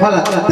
快来！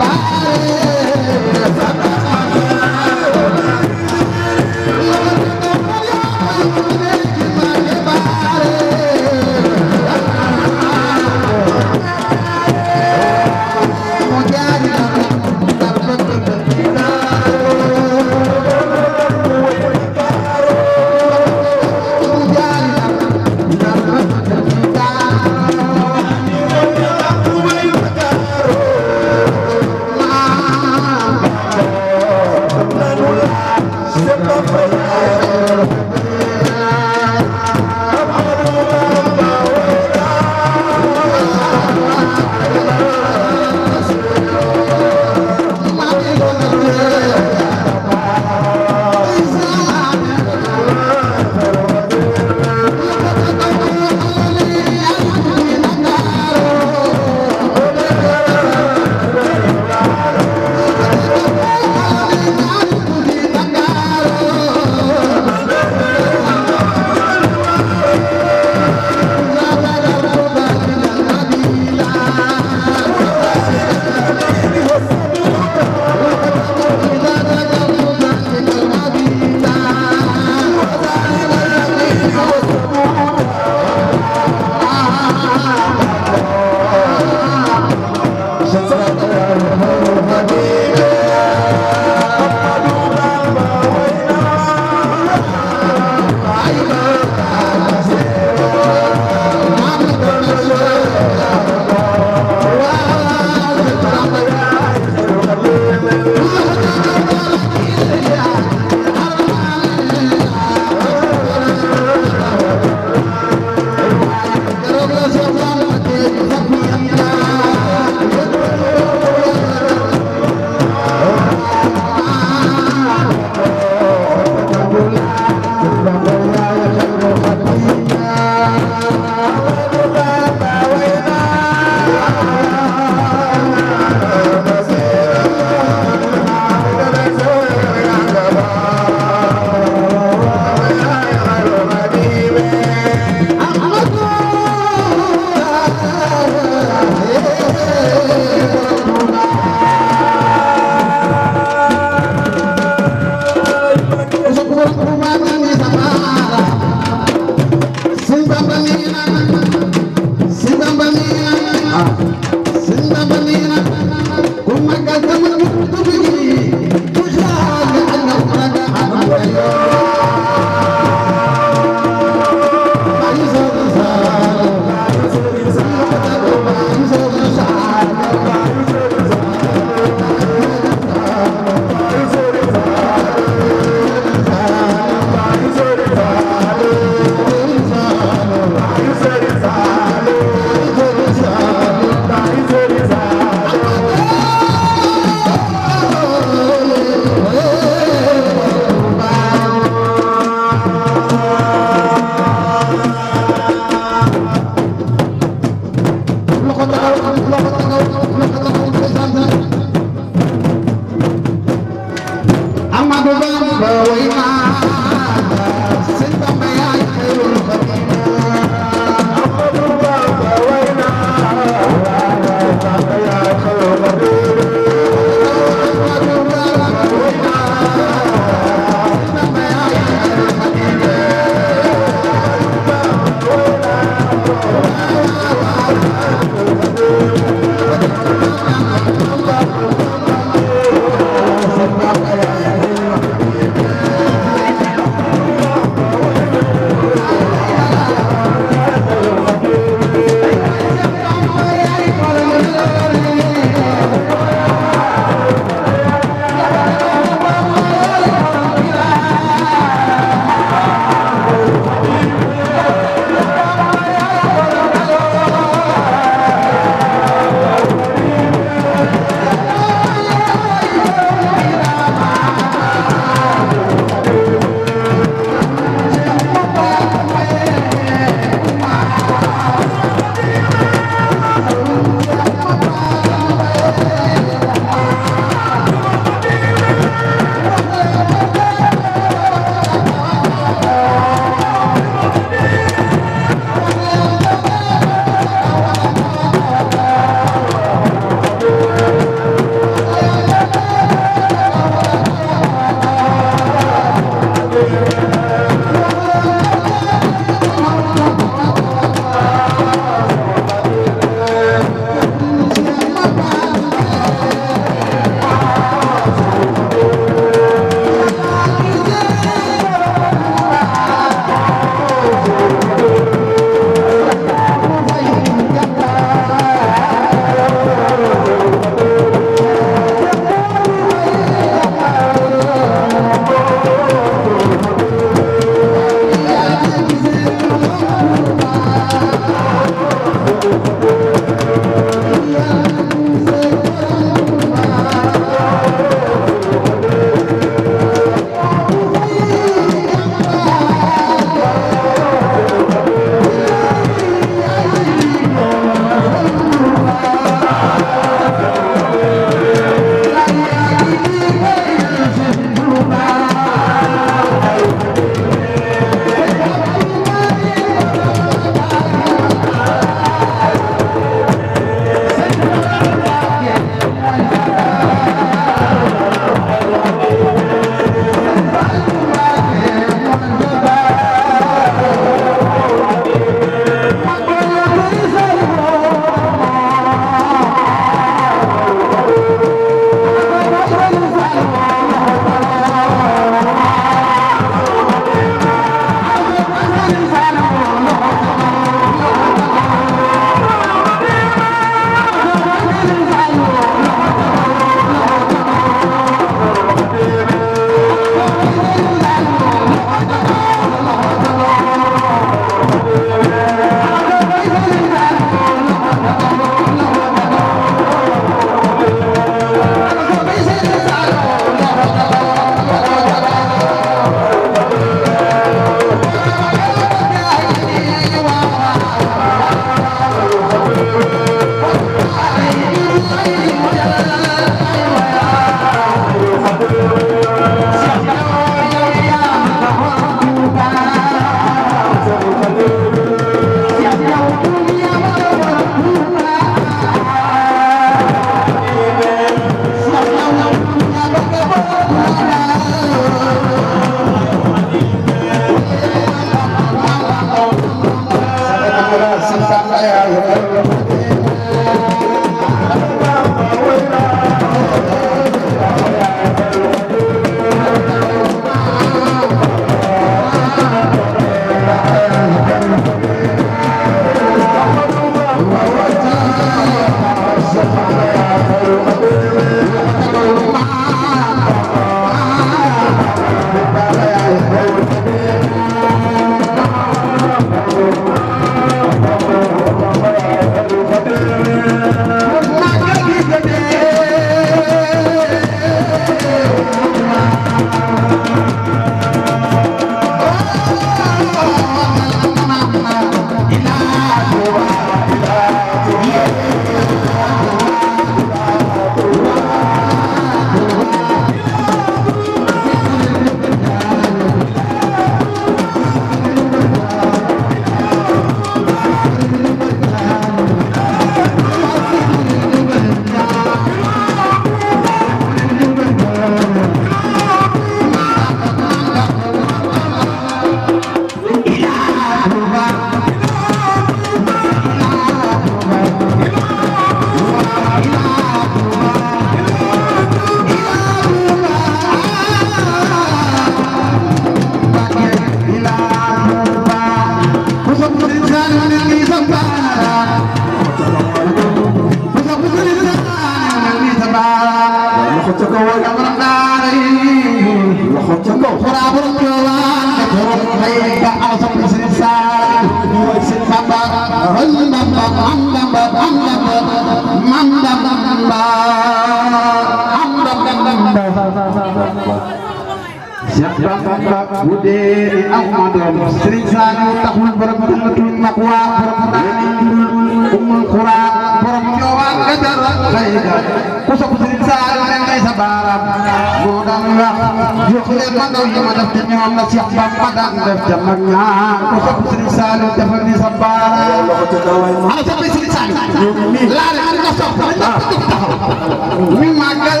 Mi magal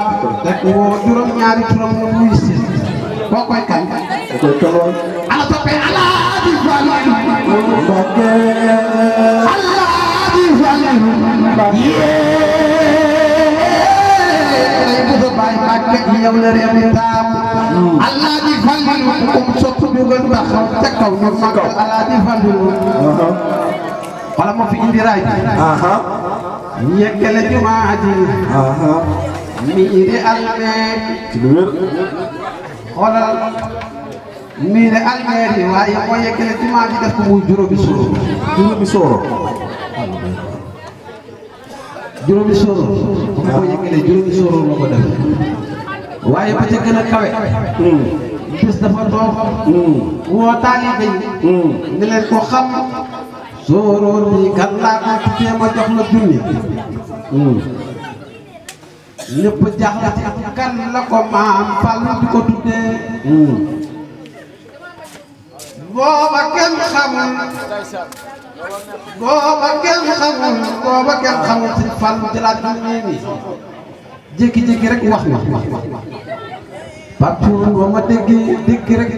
te woo juróom-ñaari turam mu wuyu si boo koy kañ. da koy tolloon. ala toppee ala di falu. Mbakke. ala di falu. Mbakke. yéen. bu doon bàyyi Mbakke bi yow la réew mi taam. ala di falu. comme soppi bu gën tax ca kaw ñu fa kaw. ala di falu. wala ma fi indi raay. ñeggale jumaa ji. mi de almeer ci lu wér xoolal mi de waaye boo yeggee ci maa ngi def juróomi sóoro juróomi sóoro waaye ba ca a kawe hmm. bis dafa toog hmm. woo taalibe yi hmm. ni ko xam sóoro bi laa ko ci jéem a jox la junni ñëpp jaaxle ci kan la ko maam Fallou di ko tuddee. Hmm. booba kenn xamul. booba kenn xamul booba kenn xamul si Fallou jëlaat bi mu nii nii. jékki-jékki rek wax wax wax wax. Pape Thioune boo ma déggee dégg rek.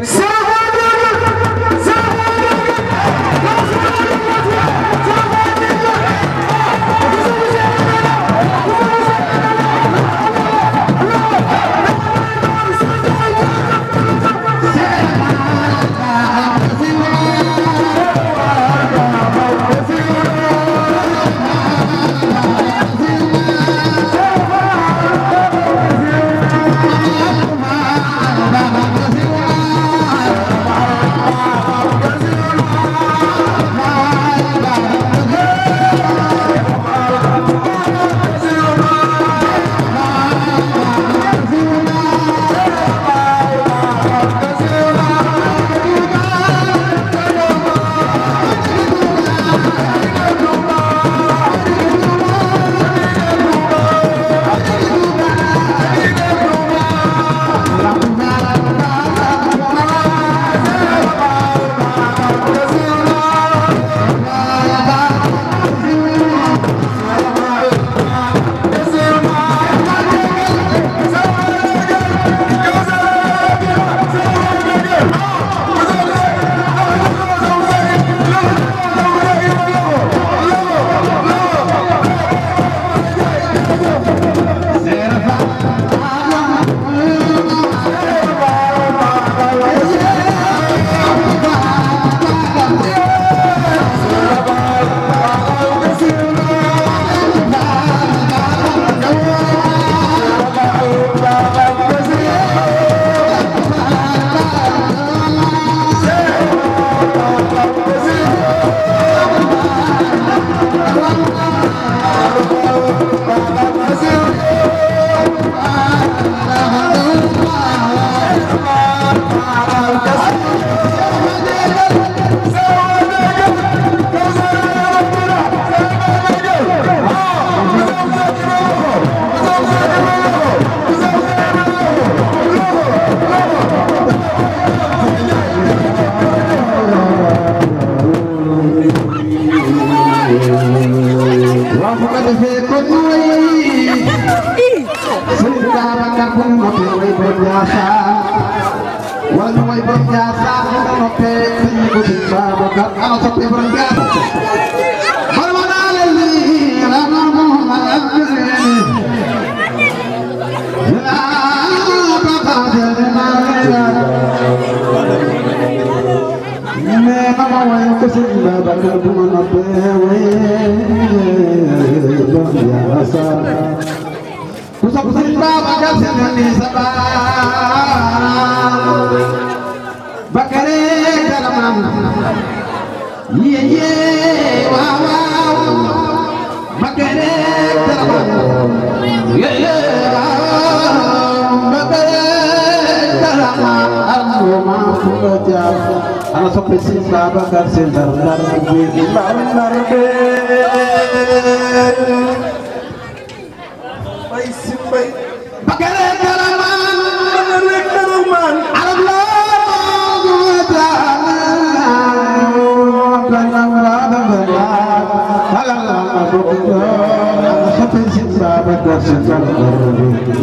yàlla soppe si Babacar si ndar ndar bi ndar ndar bi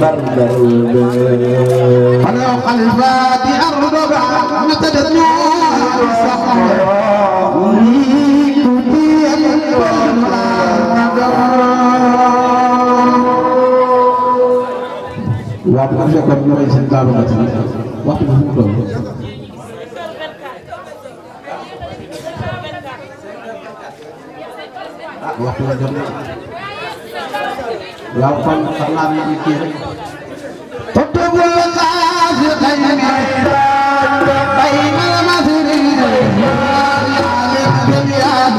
فلو خلفات أرض بعد تدنو waaw bu fekkoon ñu rey seen gaalu ba ci waxtu bi fu mu toll. waxtu la jot na. lapang salam mikir tutup lekas dengan baik masih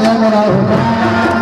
dengan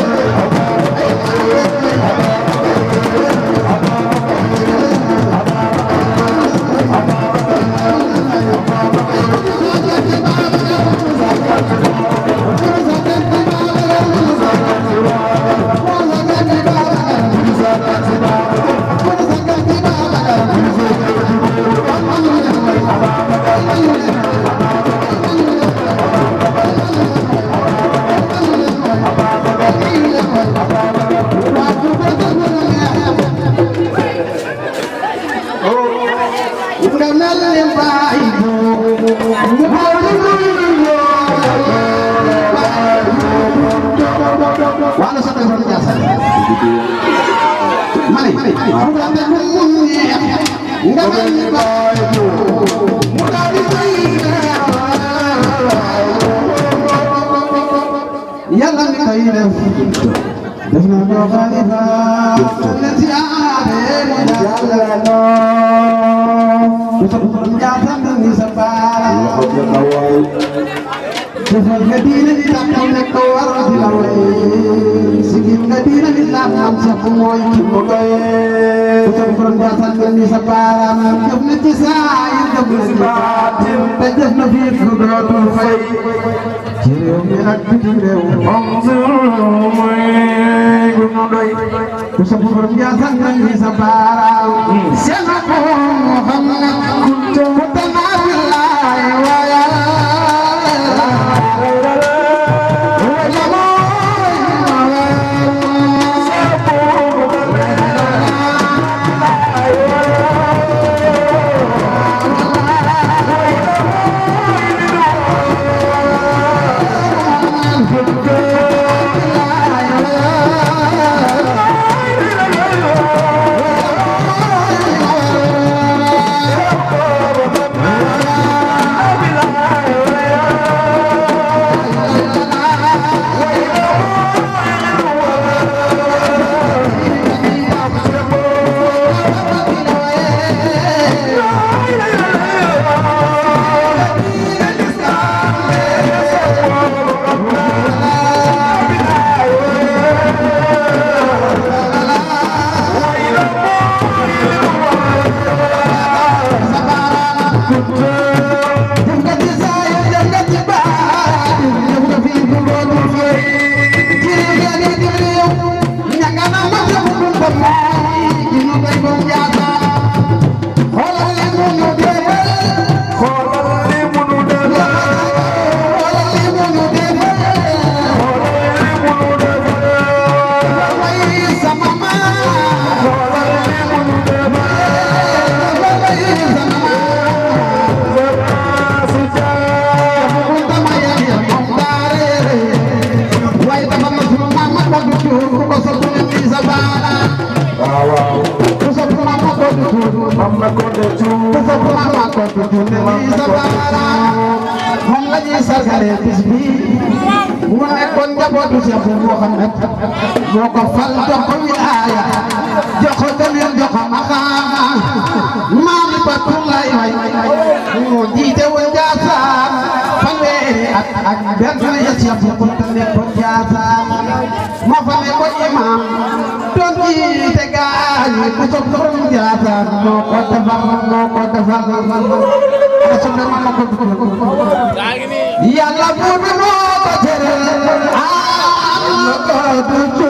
Thank you. yàlla mi koy def def na ko xalifa le siyaare yàlla noo jaasam ni sa baaraam شوف المدينة تحتنا كورة الأوين سجي المدينة لا خمسة قموي كمبين وتنفرن جاسا مني سبارا من قبل تساعي قبل سبات تجفنا في فقرات الخير جيوم ينكت اليوم انظرهم ويقنوا وتنفرن جاسا مني سبارا سمعهم محمد كنتم moo ko fal jox ko wilaaya jox ko demeen jox ko maqaama maam Fatulaay way moo jiite woon Njaasaan fanweeri at ak benn yas ya bu ko nekkoon Njaasaan ma fa nekkoon imaam doon jiite gaañi bu soog borom Njaasaan moo ko defar moo ko defar yàlla bu dul moo ko jëlee चू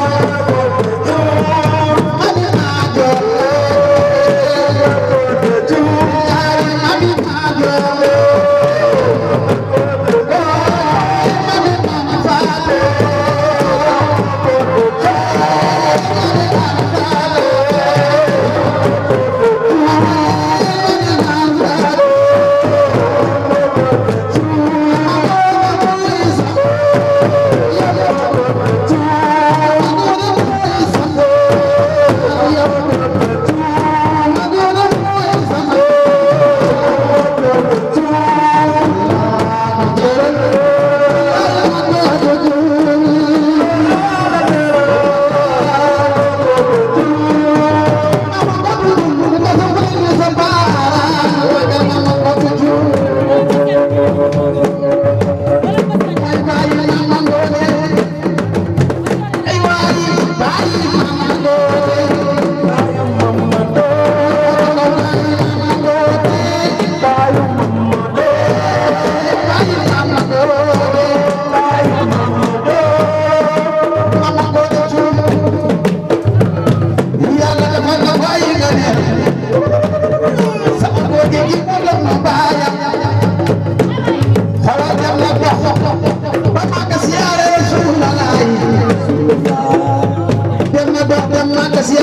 dem na dox dem na